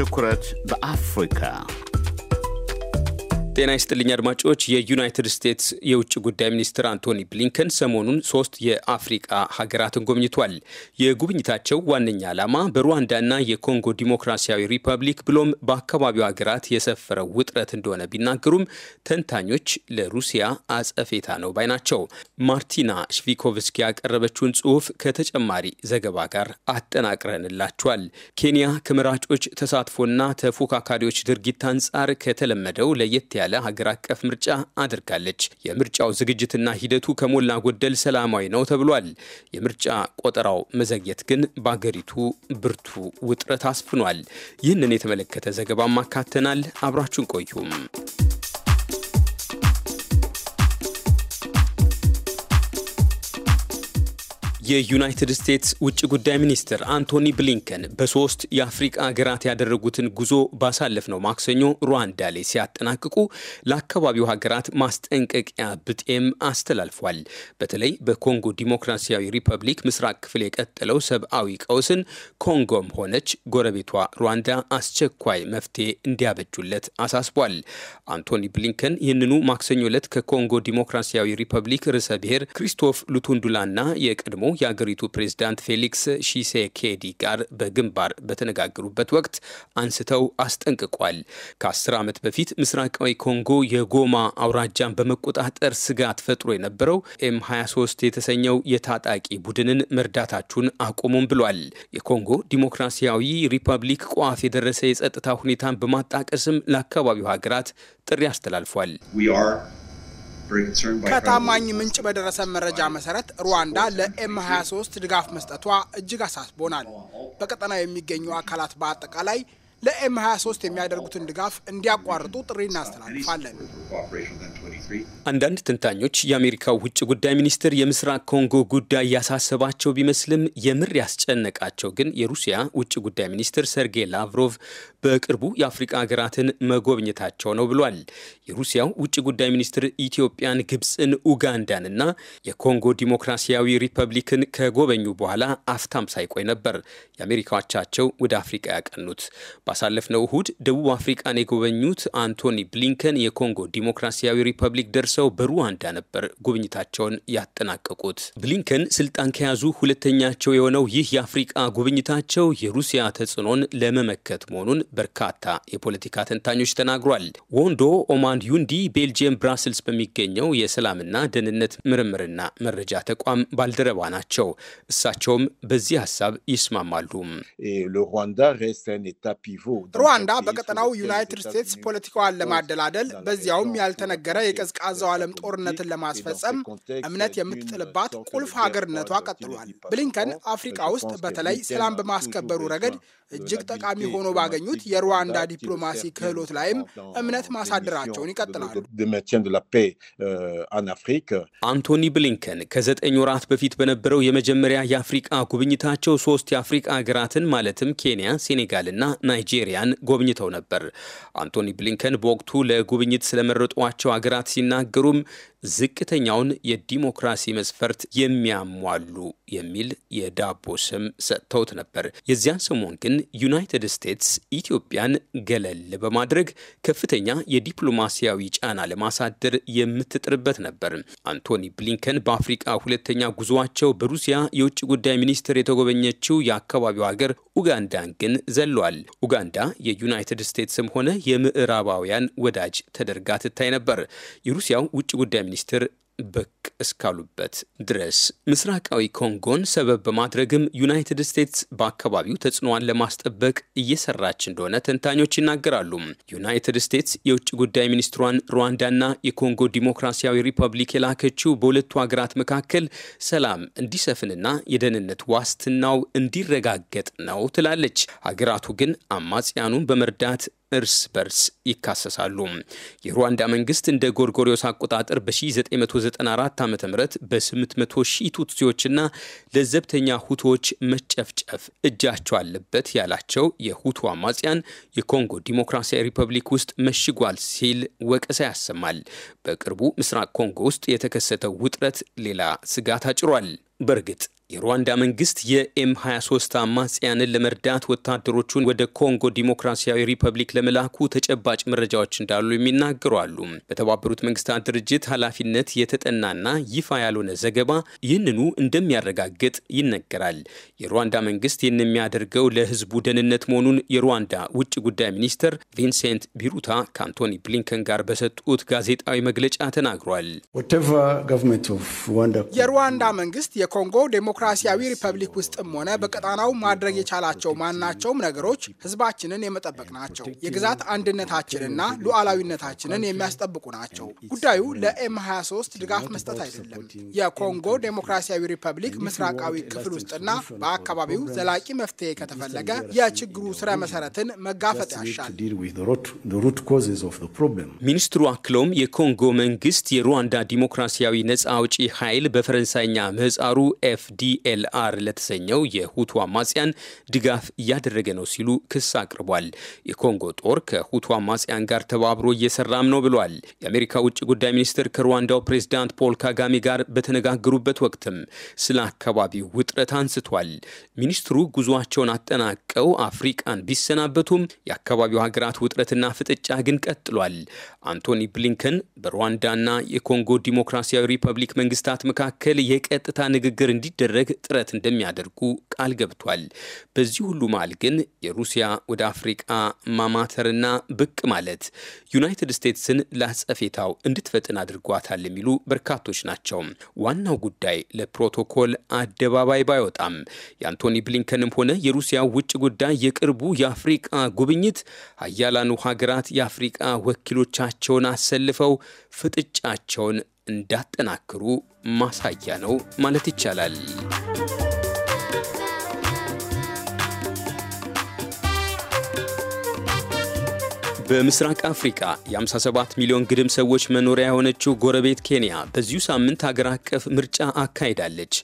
Aristocrat da África. ጤና ይስጥልኝ አድማጮች። የዩናይትድ ስቴትስ የውጭ ጉዳይ ሚኒስትር አንቶኒ ብሊንከን ሰሞኑን ሶስት የአፍሪቃ ሀገራትን ጎብኝቷል። የጉብኝታቸው ዋነኛ ዓላማ በሩዋንዳና የኮንጎ ዲሞክራሲያዊ ሪፐብሊክ ብሎም በአካባቢው ሀገራት የሰፈረው ውጥረት እንደሆነ ቢናገሩም ተንታኞች ለሩሲያ አጸፌታ ነው ባይ ናቸው። ማርቲና ሽቪኮቭስኪ ያቀረበችውን ጽሑፍ ከተጨማሪ ዘገባ ጋር አጠናቅረንላቸዋል። ኬንያ ከመራጮች ተሳትፎና ተፎካካሪዎች ድርጊት አንጻር ከተለመደው ለየት ያለ ያለ ሀገር አቀፍ ምርጫ አድርጋለች። የምርጫው ዝግጅትና ሂደቱ ከሞላ ጎደል ሰላማዊ ነው ተብሏል። የምርጫ ቆጠራው መዘግየት ግን በአገሪቱ ብርቱ ውጥረት አስፍኗል። ይህንን የተመለከተ ዘገባም አካተናል። አብራችሁን ቆዩም። የዩናይትድ ስቴትስ ውጭ ጉዳይ ሚኒስትር አንቶኒ ብሊንከን በሶስት የአፍሪቃ ሀገራት ያደረጉትን ጉዞ ባሳለፍነው ማክሰኞ ሩዋንዳ ላይ ሲያጠናቅቁ ለአካባቢው ሀገራት ማስጠንቀቂያ ብጤም አስተላልፏል። በተለይ በኮንጎ ዲሞክራሲያዊ ሪፐብሊክ ምስራቅ ክፍል የቀጠለው ሰብአዊ ቀውስን ኮንጎም ሆነች ጎረቤቷ ሩዋንዳ አስቸኳይ መፍትሄ እንዲያበጁለት አሳስቧል። አንቶኒ ብሊንከን ይህንኑ ማክሰኞ ዕለት ከኮንጎ ዲሞክራሲያዊ ሪፐብሊክ ርዕሰ ብሔር ክሪስቶፍ ሉቱንዱላና የቀድሞ የአገሪቱ ፕሬዝዳንት ፌሊክስ ሺሴኬዲ ጋር በግንባር በተነጋገሩበት ወቅት አንስተው አስጠንቅቋል። ከአስር ዓመት በፊት ምስራቃዊ ኮንጎ የጎማ አውራጃን በመቆጣጠር ስጋት ፈጥሮ የነበረው ኤም 23 የተሰኘው የታጣቂ ቡድንን መርዳታችሁን አቁሙም ብሏል። የኮንጎ ዲሞክራሲያዊ ሪፐብሊክ ቋፍ የደረሰ የጸጥታ ሁኔታን በማጣቀስም ለአካባቢው ሀገራት ጥሪ አስተላልፏል። ከታማኝ ምንጭ በደረሰ መረጃ መሰረት ሩዋንዳ ለኤም 23 ድጋፍ መስጠቷ እጅግ አሳስቦናል። በቀጠናው የሚገኙ አካላት በአጠቃላይ ለኤም 23 የሚያደርጉትን ድጋፍ እንዲያቋርጡ ጥሪ እናስተላልፋለን። አንዳንድ ትንታኞች የአሜሪካው ውጭ ጉዳይ ሚኒስትር የምስራቅ ኮንጎ ጉዳይ ያሳሰባቸው ቢመስልም የምር ያስጨነቃቸው ግን የሩሲያ ውጭ ጉዳይ ሚኒስትር ሰርጌይ ላቭሮቭ በቅርቡ የአፍሪቃ ሀገራትን መጎብኘታቸው ነው ብሏል። የሩሲያው ውጭ ጉዳይ ሚኒስትር ኢትዮጵያን፣ ግብፅን፣ ኡጋንዳንና የኮንጎ ዲሞክራሲያዊ ሪፐብሊክን ከጎበኙ በኋላ አፍታም ሳይቆይ ነበር የአሜሪካዎቻቸው ወደ አፍሪቃ ያቀኑት። ባሳለፍነው እሁድ ደቡብ አፍሪቃን የጎበኙት አንቶኒ ብሊንከን የኮንጎ ዲሞክራሲያዊ ሪፐብሊክ ደርሰው በሩዋንዳ ነበር ጉብኝታቸውን ያጠናቀቁት። ብሊንከን ስልጣን ከያዙ ሁለተኛቸው የሆነው ይህ የአፍሪቃ ጉብኝታቸው የሩሲያ ተጽዕኖን ለመመከት መሆኑን በርካታ የፖለቲካ ተንታኞች ተናግሯል። ወንዶ ኦማንድ ዩንዲ ቤልጅየም ብራስልስ በሚገኘው የሰላምና ደህንነት ምርምርና መረጃ ተቋም ባልደረባ ናቸው። እሳቸውም በዚህ ሀሳብ ይስማማሉ። ሩዋንዳ በቀጠናው ዩናይትድ ስቴትስ ፖለቲካዋን ለማደላደል በዚያውም ያልተነገረ የቀዝቃዛው ዓለም ጦርነትን ለማስፈጸም እምነት የምትጥልባት ቁልፍ ሀገርነቷ ቀጥሏል። ብሊንከን አፍሪካ ውስጥ በተለይ ሰላም በማስከበሩ ረገድ እጅግ ጠቃሚ ሆኖ ባገኙት ባሉት የሩዋንዳ ዲፕሎማሲ ክህሎት ላይም እምነት ማሳደራቸውን ይቀጥላሉ። euh, አንቶኒ ብሊንከን ከዘጠኝ ወራት በፊት በነበረው የመጀመሪያ የአፍሪቃ ጉብኝታቸው ሶስት የአፍሪቃ ሀገራትን ማለትም ኬንያ፣ ሴኔጋልና ናይጄሪያን ጎብኝተው ነበር። አንቶኒ ብሊንከን በወቅቱ ለጉብኝት ስለመረጧቸው ሀገራት ሲናገሩም ዝቅተኛውን የዲሞክራሲ መስፈርት የሚያሟሉ የሚል የዳቦ ስም ሰጥተውት ነበር። የዚያን ሰሞን ግን ዩናይትድ ስቴትስ ኢትዮጵያን ገለል በማድረግ ከፍተኛ የዲፕሎማሲያዊ ጫና ለማሳደር የምትጥርበት ነበር። አንቶኒ ብሊንከን በአፍሪቃ ሁለተኛ ጉዟቸው በሩሲያ የውጭ ጉዳይ ሚኒስትር የተጎበኘችው የአካባቢው ሀገር ኡጋንዳን ግን ዘሏል። ኡጋንዳ የዩናይትድ ስቴትስም ሆነ የምዕራባውያን ወዳጅ ተደርጋ ትታይ ነበር። የሩሲያው ውጭ ጉዳይ ሚኒስትር ብቅ እስካሉበት ድረስ ምስራቃዊ ኮንጎን ሰበብ በማድረግም ዩናይትድ ስቴትስ በአካባቢው ተጽዕኖዋን ለማስጠበቅ እየሰራች እንደሆነ ተንታኞች ይናገራሉ። ዩናይትድ ስቴትስ የውጭ ጉዳይ ሚኒስትሯን ሩዋንዳና የኮንጎ ዲሞክራሲያዊ ሪፐብሊክ የላከችው በሁለቱ ሀገራት መካከል ሰላም እንዲሰፍንና የደህንነት ዋስትናው እንዲረጋገጥ ነው ትላለች። ሀገራቱ ግን አማጽያኑን በመርዳት እርስ በርስ ይካሰሳሉ። የሩዋንዳ መንግስት እንደ ጎርጎሪዮስ አቆጣጠር በ1994 ዓ ም በ800 ሺህ ቱትሲዎችና ለዘብተኛ ሁቶዎች መጨፍጨፍ እጃቸው አለበት ያላቸው የሁቱ አማጽያን የኮንጎ ዲሞክራሲያዊ ሪፐብሊክ ውስጥ መሽጓል ሲል ወቀሳ ያሰማል። በቅርቡ ምስራቅ ኮንጎ ውስጥ የተከሰተው ውጥረት ሌላ ስጋት አጭሯል። በእርግጥ የሩዋንዳ መንግስት የኤም 23 አማጽያንን ለመርዳት ወታደሮቹን ወደ ኮንጎ ዲሞክራሲያዊ ሪፐብሊክ ለመላኩ ተጨባጭ መረጃዎች እንዳሉ የሚናገሩ አሉ። በተባበሩት መንግስታት ድርጅት ኃላፊነት የተጠናና ይፋ ያልሆነ ዘገባ ይህንኑ እንደሚያረጋግጥ ይነገራል። የሩዋንዳ መንግስት ይህን የሚያደርገው ለህዝቡ ደህንነት መሆኑን የሩዋንዳ ውጭ ጉዳይ ሚኒስትር ቪንሴንት ቢሩታ ከአንቶኒ ብሊንከን ጋር በሰጡት ጋዜጣዊ መግለጫ ተናግሯል። የሩዋንዳ መንግስት የኮንጎ ዲሞክራሲያዊ ሪፐብሊክ ውስጥም ሆነ በቀጣናው ማድረግ የቻላቸው ማናቸውም ነገሮች ህዝባችንን የመጠበቅ ናቸው። የግዛት አንድነታችንና ሉዓላዊነታችንን የሚያስጠብቁ ናቸው። ጉዳዩ ለኤም 23 ድጋፍ መስጠት አይደለም። የኮንጎ ዴሞክራሲያዊ ሪፐብሊክ ምስራቃዊ ክፍል ውስጥና በአካባቢው ዘላቂ መፍትሄ ከተፈለገ የችግሩ ስረ መሰረትን መጋፈጥ ያሻል። ሚኒስትሩ አክለውም የኮንጎ መንግስት የሩዋንዳ ዲሞክራሲያዊ ነፃ አውጪ ኃይል በፈረንሳይኛ ምህፃሩ ኤፍዲ ፒኤልአር ለተሰኘው የሁቱ አማጽያን ድጋፍ እያደረገ ነው ሲሉ ክስ አቅርቧል። የኮንጎ ጦር ከሁቱ አማጽያን ጋር ተባብሮ እየሰራም ነው ብሏል። የአሜሪካ ውጭ ጉዳይ ሚኒስትር ከሩዋንዳው ፕሬዚዳንት ፖል ካጋሜ ጋር በተነጋገሩበት ወቅትም ስለ አካባቢው ውጥረት አንስቷል። ሚኒስትሩ ጉዞቸውን አጠናቀው አፍሪቃን ቢሰናበቱም የአካባቢው ሀገራት ውጥረትና ፍጥጫ ግን ቀጥሏል። አንቶኒ ብሊንከን በሩዋንዳና የኮንጎ ዲሞክራሲያዊ ሪፐብሊክ መንግስታት መካከል የቀጥታ ንግግር እንዲደረግ ለማድረግ ጥረት እንደሚያደርጉ ቃል ገብቷል። በዚህ ሁሉ መሃል ግን የሩሲያ ወደ አፍሪቃ ማማተርና ብቅ ማለት ዩናይትድ ስቴትስን ለአጸፌታው እንድትፈጥን አድርጓታል የሚሉ በርካቶች ናቸው። ዋናው ጉዳይ ለፕሮቶኮል አደባባይ ባይወጣም የአንቶኒ ብሊንከንም ሆነ የሩሲያ ውጭ ጉዳይ የቅርቡ የአፍሪቃ ጉብኝት አያላኑ ሀገራት የአፍሪቃ ወኪሎቻቸውን አሰልፈው ፍጥጫቸውን እንዳጠናክሩ ማሳያ ነው ማለት ይቻላል። በምስራቅ አፍሪካ የ57 ሚሊዮን ግድም ሰዎች መኖሪያ የሆነችው ጎረቤት ኬንያ በዚሁ ሳምንት ሀገር አቀፍ ምርጫ አካሂዳለች።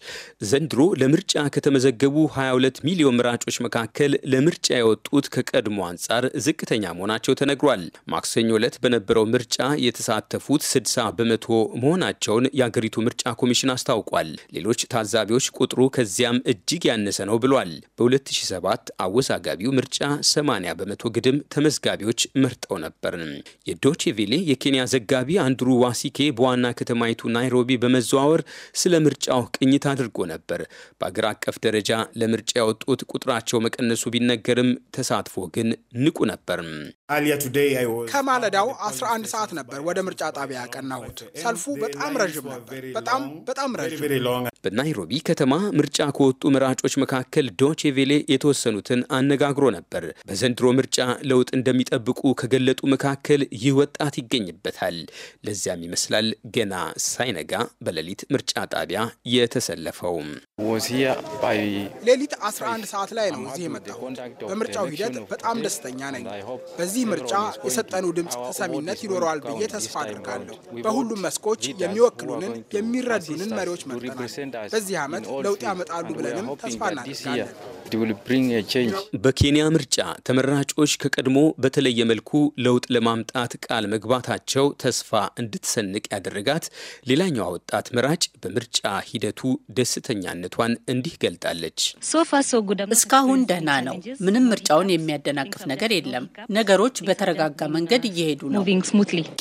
ዘንድሮ ለምርጫ ከተመዘገቡ 22 ሚሊዮን ምራጮች መካከል ለምርጫ የወጡት ከቀድሞ አንጻር ዝቅተኛ መሆናቸው ተነግሯል። ማክሰኞ ዕለት በነበረው ምርጫ የተሳተፉት 60 በመቶ መሆናቸውን የአገሪቱ ምርጫ ኮሚሽን አስታውቋል። ሌሎች ታዛቢዎች ቁጥሩ ከዚያም እጅግ ያነሰ ነው ብሏል። በ2007 አወዛጋቢው ምርጫ 80 በመቶ ግድም ተመዝጋቢዎች መ መርጠው ነበር። የዶቼቬሌ የኬንያ ዘጋቢ አንድሩ ዋሲኬ በዋና ከተማይቱ ናይሮቢ በመዘዋወር ስለ ምርጫው ቅኝት አድርጎ ነበር። በአገር አቀፍ ደረጃ ለምርጫ ያወጡት ቁጥራቸው መቀነሱ ቢነገርም ተሳትፎ ግን ንቁ ነበር። ከማለዳው 11 ሰዓት ነበር ወደ ምርጫ ጣቢያ ያቀናሁት። ሰልፉ በጣም ረዥም ነበር። በጣም በጣም ረዥም። በናይሮቢ ከተማ ምርጫ ከወጡ መራጮች መካከል ዶቼቬሌ የተወሰኑትን አነጋግሮ ነበር። በዘንድሮ ምርጫ ለውጥ እንደሚጠብቁ ከገለጡ መካከል ይህ ወጣት ይገኝበታል። ለዚያም ይመስላል ገና ሳይነጋ በሌሊት ምርጫ ጣቢያ የተሰለፈውም። ሌሊት 11 ሰዓት ላይ ነው እዚህ የመጣሁት። በምርጫው ሂደት በጣም ደስተኛ ነኝ። በዚህ ምርጫ የሰጠኑ ድምፅ ተሰሚነት ይኖረዋል ብዬ ተስፋ አድርጋለሁ። በሁሉም መስኮች የሚወክሉንን የሚረዱንን መሪዎች መርጠናል። በዚህ ዓመት ለውጥ ያመጣሉ ብለንም ተስፋ እናደርጋለን። በኬንያ ምርጫ ተመራጮች ከቀድሞ በተለየ መልኩ ለውጥ ለማምጣት ቃል መግባታቸው ተስፋ እንድትሰንቅ ያደረጋት ሌላኛዋ ወጣት መራጭ በምርጫ ሂደቱ ደስተኛነቷን እንዲህ ገልጣለች። እስካሁን ደህና ነው። ምንም ምርጫውን የሚያደናቅፍ ነገር የለም። ነገሮች በተረጋጋ መንገድ እየሄዱ ነው።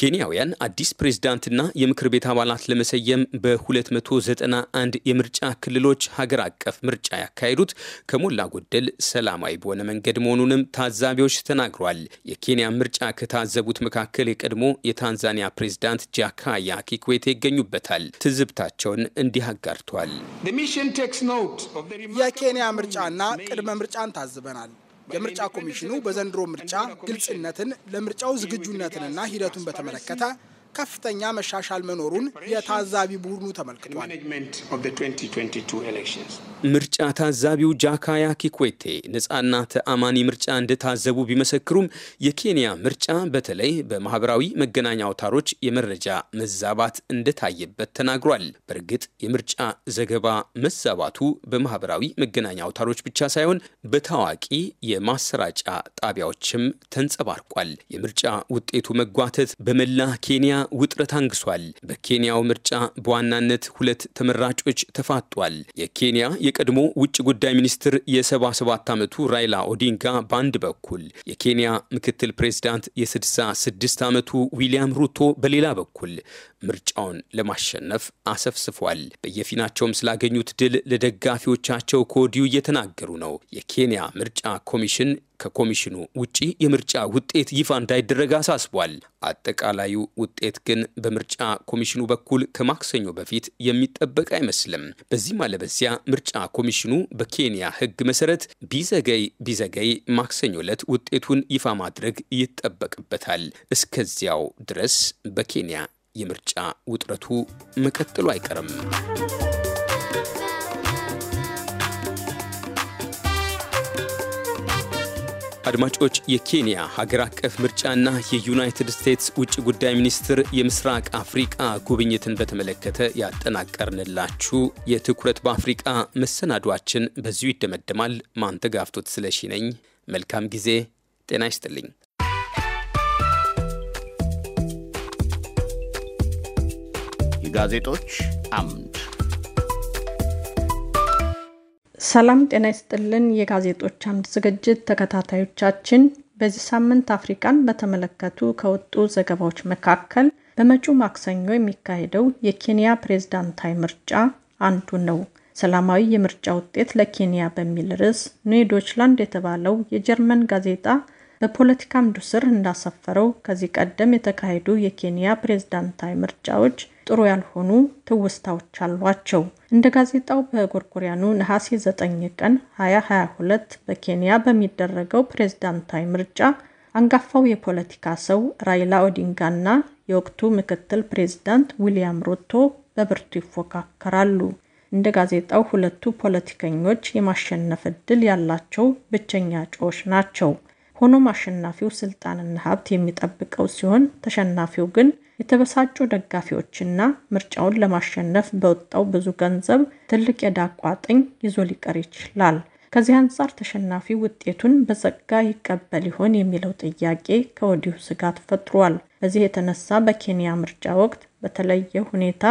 ኬንያውያን አዲስ ፕሬዝዳንትና የምክር ቤት አባላት ለመሰየም በ291 የምርጫ ክልሎች ሀገር አቀፍ ምርጫ ያካሄዱት ከሞ ከሞላ ጎደል ሰላማዊ በሆነ መንገድ መሆኑንም ታዛቢዎች ተናግሯል። የኬንያ ምርጫ ከታዘቡት መካከል የቀድሞ የታንዛኒያ ፕሬዝዳንት ጃካያ ኪክዌቴ ይገኙበታል። ትዝብታቸውን እንዲህ አጋርቷል። የኬንያ ምርጫና ቅድመ ምርጫን ታዝበናል። የምርጫ ኮሚሽኑ በዘንድሮ ምርጫ ግልጽነትን፣ ለምርጫው ዝግጁነትንና ሂደቱን በተመለከተ ከፍተኛ መሻሻል መኖሩን የታዛቢ ቡድኑ ተመልክቷል። ምርጫ ታዛቢው ጃካያ ኪኩዌቴ ነፃና ተአማኒ ምርጫ እንደታዘቡ ቢመሰክሩም የኬንያ ምርጫ በተለይ በማህበራዊ መገናኛ አውታሮች የመረጃ መዛባት እንደታየበት ተናግሯል። በእርግጥ የምርጫ ዘገባ መዛባቱ በማህበራዊ መገናኛ አውታሮች ብቻ ሳይሆን በታዋቂ የማሰራጫ ጣቢያዎችም ተንጸባርቋል። የምርጫ ውጤቱ መጓተት በመላ ኬንያ ውጥረት አንግሷል። በኬንያው ምርጫ በዋናነት ሁለት ተመራጮች ተፋጧል። የኬንያ የቀድሞ ውጭ ጉዳይ ሚኒስትር የ77 ዓመቱ ራይላ ኦዲንጋ በአንድ በኩል፣ የኬንያ ምክትል ፕሬዚዳንት የ66 ዓመቱ ዊሊያም ሩቶ በሌላ በኩል ምርጫውን ለማሸነፍ አሰፍስፏል። በየፊናቸውም ስላገኙት ድል ለደጋፊዎቻቸው ከወዲሁ እየተናገሩ ነው። የኬንያ ምርጫ ኮሚሽን ከኮሚሽኑ ውጪ የምርጫ ውጤት ይፋ እንዳይደረግ አሳስቧል። አጠቃላዩ ውጤት ግን በምርጫ ኮሚሽኑ በኩል ከማክሰኞ በፊት የሚጠበቅ አይመስልም። በዚህ አለበዚያ ምርጫ ኮሚሽኑ በኬንያ ሕግ መሰረት ቢዘገይ ቢዘገይ ማክሰኞ ዕለት ውጤቱን ይፋ ማድረግ ይጠበቅበታል። እስከዚያው ድረስ በኬንያ የምርጫ ውጥረቱ መቀጠሉ አይቀርም። አድማጮች፣ የኬንያ ሀገር አቀፍ ምርጫና የዩናይትድ ስቴትስ ውጭ ጉዳይ ሚኒስትር የምስራቅ አፍሪቃ ጉብኝትን በተመለከተ ያጠናቀርንላችሁ የትኩረት በአፍሪቃ መሰናዷችን በዚሁ ይደመደማል። ማንተጋፍቶት ስለሺ ነኝ። መልካም ጊዜ። ጤና ይስጥልኝ። ጋዜጦች አምድ ሰላም ጤና ይስጥልን። የጋዜጦች አምድ ዝግጅት ተከታታዮቻችን በዚህ ሳምንት አፍሪቃን በተመለከቱ ከወጡ ዘገባዎች መካከል በመጪው ማክሰኞ የሚካሄደው የኬንያ ፕሬዝዳንታዊ ምርጫ አንዱ ነው። ሰላማዊ የምርጫ ውጤት ለኬንያ በሚል ርዕስ ኒው ዶችላንድ የተባለው የጀርመን ጋዜጣ በፖለቲካ አምዱ ስር እንዳሰፈረው ከዚህ ቀደም የተካሄዱ የኬንያ ፕሬዝዳንታዊ ምርጫዎች ጥሩ ያልሆኑ ትውስታዎች አሏቸው። እንደ ጋዜጣው በጎርጎሪያኑ ነሐሴ 9 ቀን 2022 በኬንያ በሚደረገው ፕሬዝዳንታዊ ምርጫ አንጋፋው የፖለቲካ ሰው ራይላ ኦዲንጋና የወቅቱ ምክትል ፕሬዝዳንት ዊሊያም ሩቶ በብርቱ ይፎካከራሉ። እንደ ጋዜጣው ሁለቱ ፖለቲከኞች የማሸነፍ ዕድል ያላቸው ብቸኛ እጩዎች ናቸው። ሆኖም አሸናፊው ስልጣንና ሀብት የሚጠብቀው ሲሆን፣ ተሸናፊው ግን የተበሳጩ ደጋፊዎችና ምርጫውን ለማሸነፍ በወጣው ብዙ ገንዘብ ትልቅ የዕዳ ቋጥኝ ይዞ ሊቀር ይችላል። ከዚህ አንጻር ተሸናፊ ውጤቱን በጸጋ ይቀበል ይሆን የሚለው ጥያቄ ከወዲሁ ስጋት ፈጥሯል። በዚህ የተነሳ በኬንያ ምርጫ ወቅት በተለየ ሁኔታ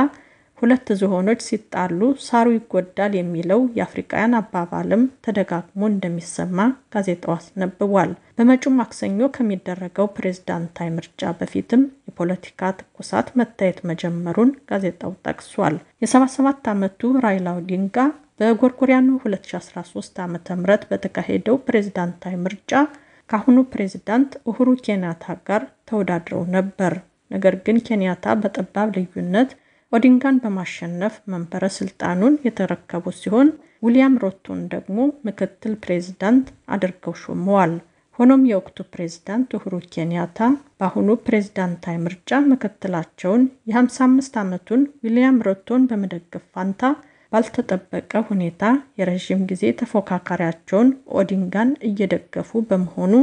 ሁለት ዝሆኖች ሲጣሉ ሳሩ ይጎዳል የሚለው የአፍሪቃውያን አባባልም ተደጋግሞ እንደሚሰማ ጋዜጣው አስነብቧል። በመጪው ማክሰኞ ከሚደረገው ፕሬዝዳንታዊ ምርጫ በፊትም የፖለቲካ ትኩሳት መታየት መጀመሩን ጋዜጣው ጠቅሷል። የ77 ዓመቱ ራይላ ኦዲንጋ በጎርጎሪያኑ 2013 ዓ ም በተካሄደው ፕሬዝዳንታዊ ምርጫ ከአሁኑ ፕሬዝዳንት ኡሁሩ ኬንያታ ጋር ተወዳድረው ነበር። ነገር ግን ኬንያታ በጠባብ ልዩነት ኦዲንጋን በማሸነፍ መንበረ ስልጣኑን የተረከቡ ሲሆን ዊሊያም ሮቶን ደግሞ ምክትል ፕሬዝዳንት አድርገው ሾመዋል። ሆኖም የወቅቱ ፕሬዝዳንት ኡሁሩ ኬንያታ በአሁኑ ፕሬዝዳንታዊ ምርጫ ምክትላቸውን የ55 ዓመቱን ዊሊያም ሮቶን በመደገፍ ፋንታ ባልተጠበቀ ሁኔታ የረዥም ጊዜ ተፎካካሪያቸውን ኦዲንጋን እየደገፉ በመሆኑ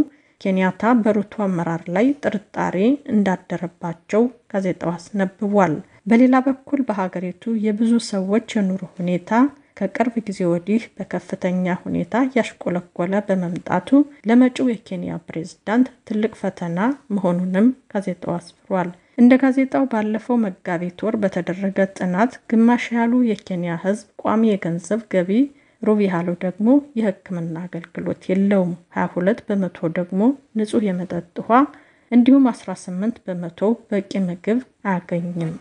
ኬንያታ በሩቶ አመራር ላይ ጥርጣሬ እንዳደረባቸው ጋዜጣው አስነብቧል። በሌላ በኩል በሀገሪቱ የብዙ ሰዎች የኑሮ ሁኔታ ከቅርብ ጊዜ ወዲህ በከፍተኛ ሁኔታ እያሽቆለቆለ በመምጣቱ ለመጪው የኬንያ ፕሬዝዳንት ትልቅ ፈተና መሆኑንም ጋዜጣው አስፍሯል። እንደ ጋዜጣው ባለፈው መጋቢት ወር በተደረገ ጥናት ግማሽ ያሉ የኬንያ ሕዝብ ቋሚ የገንዘብ ገቢ፣ ሩብ ያህሉ ደግሞ የሕክምና አገልግሎት የለውም። 22 በመቶ ደግሞ ንጹህ የመጠጥ ውሃ እንዲሁም 18 በመቶ በቂ ምግብ አያገኝም።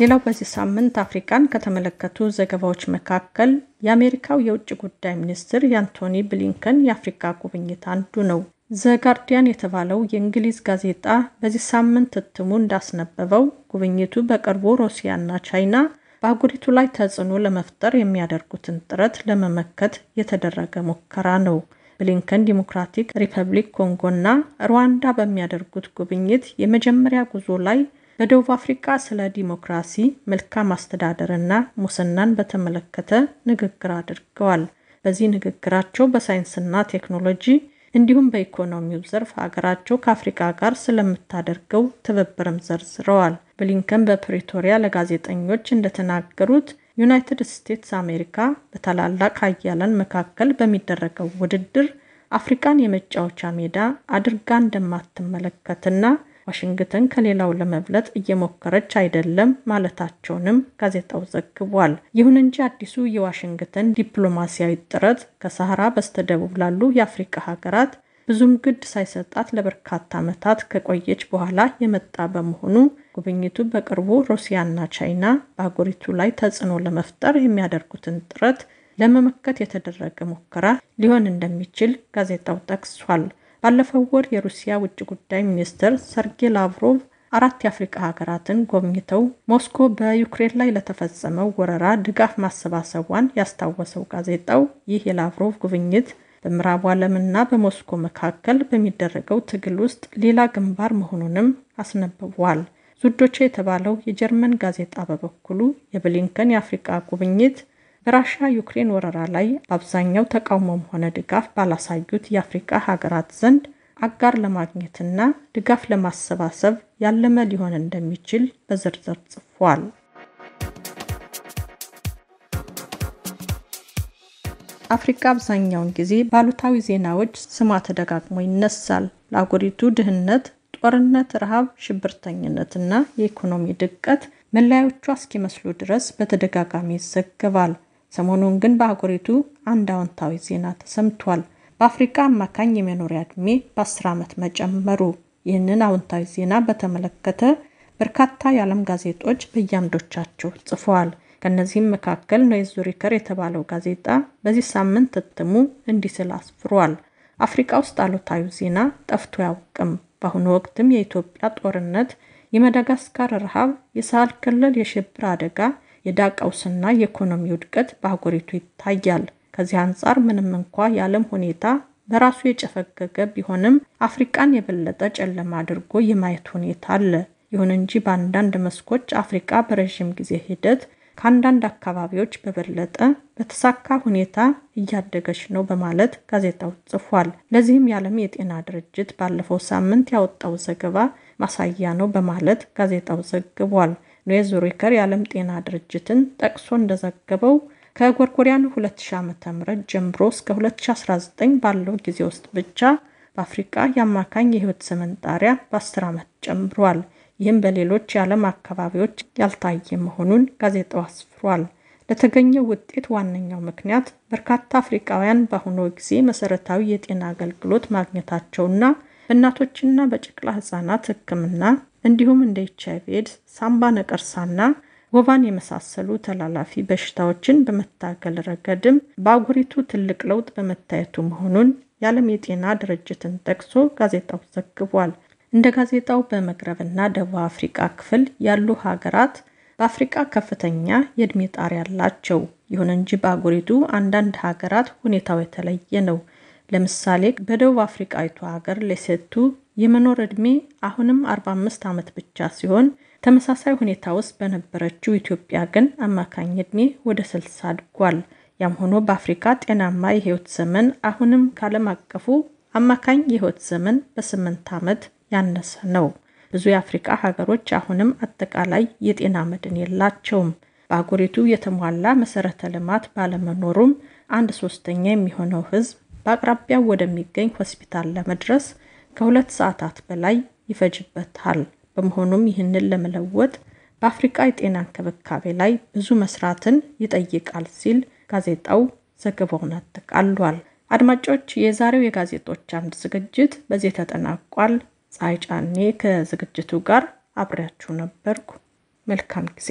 ሌላው በዚህ ሳምንት አፍሪካን ከተመለከቱ ዘገባዎች መካከል የአሜሪካው የውጭ ጉዳይ ሚኒስትር የአንቶኒ ብሊንከን የአፍሪካ ጉብኝት አንዱ ነው። ዘጋርዲያን የተባለው የእንግሊዝ ጋዜጣ በዚህ ሳምንት እትሙ እንዳስነበበው ጉብኝቱ በቅርቡ ሩሲያና ቻይና በአህጉሪቱ ላይ ተጽዕኖ ለመፍጠር የሚያደርጉትን ጥረት ለመመከት የተደረገ ሙከራ ነው። ብሊንከን ዲሞክራቲክ ሪፐብሊክ ኮንጎና ሩዋንዳ በሚያደርጉት ጉብኝት የመጀመሪያ ጉዞ ላይ በደቡብ አፍሪካ ስለ ዲሞክራሲ፣ መልካም አስተዳደርና ሙስናን በተመለከተ ንግግር አድርገዋል። በዚህ ንግግራቸው በሳይንስና ቴክኖሎጂ እንዲሁም በኢኮኖሚው ዘርፍ ሀገራቸው ከአፍሪካ ጋር ስለምታደርገው ትብብርም ዘርዝረዋል። ብሊንከን በፕሪቶሪያ ለጋዜጠኞች እንደተናገሩት ዩናይትድ ስቴትስ አሜሪካ በታላላቅ ሀያላን መካከል በሚደረገው ውድድር አፍሪካን የመጫወቻ ሜዳ አድርጋ እንደማትመለከትና ዋሽንግተን ከሌላው ለመብለጥ እየሞከረች አይደለም ማለታቸውንም ጋዜጣው ዘግቧል። ይሁን እንጂ አዲሱ የዋሽንግተን ዲፕሎማሲያዊ ጥረት ከሰሃራ በስተደቡብ ላሉ የአፍሪካ ሀገራት ብዙም ግድ ሳይሰጣት ለበርካታ ዓመታት ከቆየች በኋላ የመጣ በመሆኑ ጉብኝቱ በቅርቡ ሩሲያና ቻይና በአህጉሪቱ ላይ ተጽዕኖ ለመፍጠር የሚያደርጉትን ጥረት ለመመከት የተደረገ ሙከራ ሊሆን እንደሚችል ጋዜጣው ጠቅሷል። ባለፈው ወር የሩሲያ ውጭ ጉዳይ ሚኒስትር ሰርጌይ ላቭሮቭ አራት የአፍሪቃ ሀገራትን ጎብኝተው ሞስኮ በዩክሬን ላይ ለተፈጸመው ወረራ ድጋፍ ማሰባሰቧን ያስታወሰው ጋዜጣው ይህ የላቭሮቭ ጉብኝት በምዕራቡ ዓለምና በሞስኮ መካከል በሚደረገው ትግል ውስጥ ሌላ ግንባር መሆኑንም አስነብቧል። ዙዶቼ የተባለው የጀርመን ጋዜጣ በበኩሉ የብሊንከን የአፍሪቃ ጉብኝት በራሽያ ዩክሬን ወረራ ላይ በአብዛኛው ተቃውሞም ሆነ ድጋፍ ባላሳዩት የአፍሪቃ ሀገራት ዘንድ አጋር ለማግኘትና ድጋፍ ለማሰባሰብ ያለመ ሊሆን እንደሚችል በዝርዝር ጽፏል። አፍሪካ አብዛኛውን ጊዜ ባሉታዊ ዜናዎች ስሟ ተደጋግሞ ይነሳል። ለአገሪቱ ድህነት፣ ጦርነት፣ ረሃብ፣ ሽብርተኝነትና የኢኮኖሚ ድቀት መለያዎቿ እስኪመስሉ ድረስ በተደጋጋሚ ይዘገባል። ሰሞኑን ግን በአገሪቱ አንድ አዎንታዊ ዜና ተሰምቷል። በአፍሪካ አማካኝ የመኖሪያ ዕድሜ በ10 ዓመት መጨመሩ። ይህንን አዎንታዊ ዜና በተመለከተ በርካታ የዓለም ጋዜጦች በየአምዶቻቸው ጽፈዋል። ከእነዚህም መካከል ኖይዝ ዙሪከር የተባለው ጋዜጣ በዚህ ሳምንት እትሙ እንዲህ ስል አስፍሯል። አፍሪካ ውስጥ አሉታዊ ዜና ጠፍቶ አያውቅም። በአሁኑ ወቅትም የኢትዮጵያ ጦርነት፣ የመዳጋስካር ረሃብ፣ የሳህል ክልል የሽብር አደጋ፣ የዕዳ ቀውስና የኢኮኖሚ ውድቀት በአህጉሪቱ ይታያል። ከዚህ አንጻር ምንም እንኳ የዓለም ሁኔታ በራሱ የጨፈገገ ቢሆንም አፍሪቃን የበለጠ ጨለማ አድርጎ የማየት ሁኔታ አለ። ይሁን እንጂ በአንዳንድ መስኮች አፍሪቃ በረዥም ጊዜ ሂደት ከአንዳንድ አካባቢዎች በበለጠ በተሳካ ሁኔታ እያደገች ነው በማለት ጋዜጣው ጽፏል። ለዚህም የዓለም የጤና ድርጅት ባለፈው ሳምንት ያወጣው ዘገባ ማሳያ ነው በማለት ጋዜጣው ዘግቧል። ኖዌ የዓለም ጤና ድርጅትን ጠቅሶ እንደዘገበው ከጎርጎሪያኑ 2000 ም ጀምሮ እስከ 2019 ባለው ጊዜ ውስጥ ብቻ በአፍሪቃ የአማካኝ የህይወት ዘመን ጣሪያ በ10 ዓመት ጨምሯል። ይህም በሌሎች የዓለም አካባቢዎች ያልታየ መሆኑን ጋዜጣው አስፍሯል። ለተገኘው ውጤት ዋነኛው ምክንያት በርካታ አፍሪቃውያን በአሁኑ ጊዜ መሰረታዊ የጤና አገልግሎት ማግኘታቸውና በእናቶችና በጨቅላ ህጻናት ሕክምና እንዲሁም እንደ ኤች አይቪ ኤድስ፣ ሳምባ ነቀርሳና ወባን የመሳሰሉ ተላላፊ በሽታዎችን በመታገል ረገድም በአጉሪቱ ትልቅ ለውጥ በመታየቱ መሆኑን የዓለም የጤና ድርጅትን ጠቅሶ ጋዜጣው ዘግቧል። እንደ ጋዜጣው በመቅረብና ደቡብ አፍሪካ ክፍል ያሉ ሀገራት በአፍሪቃ ከፍተኛ የእድሜ ጣሪያ አላቸው። ይሁን እንጂ በአህጉሪቱ አንዳንድ ሀገራት ሁኔታው የተለየ ነው። ለምሳሌ በደቡብ አፍሪቃዊቱ ሀገር ሌሴቱ የመኖር ዕድሜ አሁንም 45 ዓመት ብቻ ሲሆን ተመሳሳይ ሁኔታ ውስጥ በነበረችው ኢትዮጵያ ግን አማካኝ ዕድሜ ወደ 60 አድጓል። ያም ሆኖ በአፍሪካ ጤናማ የህይወት ዘመን አሁንም ከዓለም አቀፉ አማካኝ የህይወት ዘመን በስምንት ዓመት ያነሰ ነው። ብዙ የአፍሪካ ሀገሮች አሁንም አጠቃላይ የጤና መድን የላቸውም። በአህጉሪቱ የተሟላ መሰረተ ልማት ባለመኖሩም አንድ ሶስተኛ የሚሆነው ህዝብ በአቅራቢያው ወደሚገኝ ሆስፒታል ለመድረስ ከሁለት ሰዓታት በላይ ይፈጅበታል። በመሆኑም ይህንን ለመለወጥ በአፍሪቃ የጤና እንክብካቤ ላይ ብዙ መስራትን ይጠይቃል ሲል ጋዜጣው ዘገባውን አጠቃሏል። አድማጮች፣ የዛሬው የጋዜጦች አምድ ዝግጅት በዚህ ተጠናቋል። ፀሐይ ጫኔ ከዝግጅቱ ጋር አብሬያችሁ ነበርኩ። መልካም ጊዜ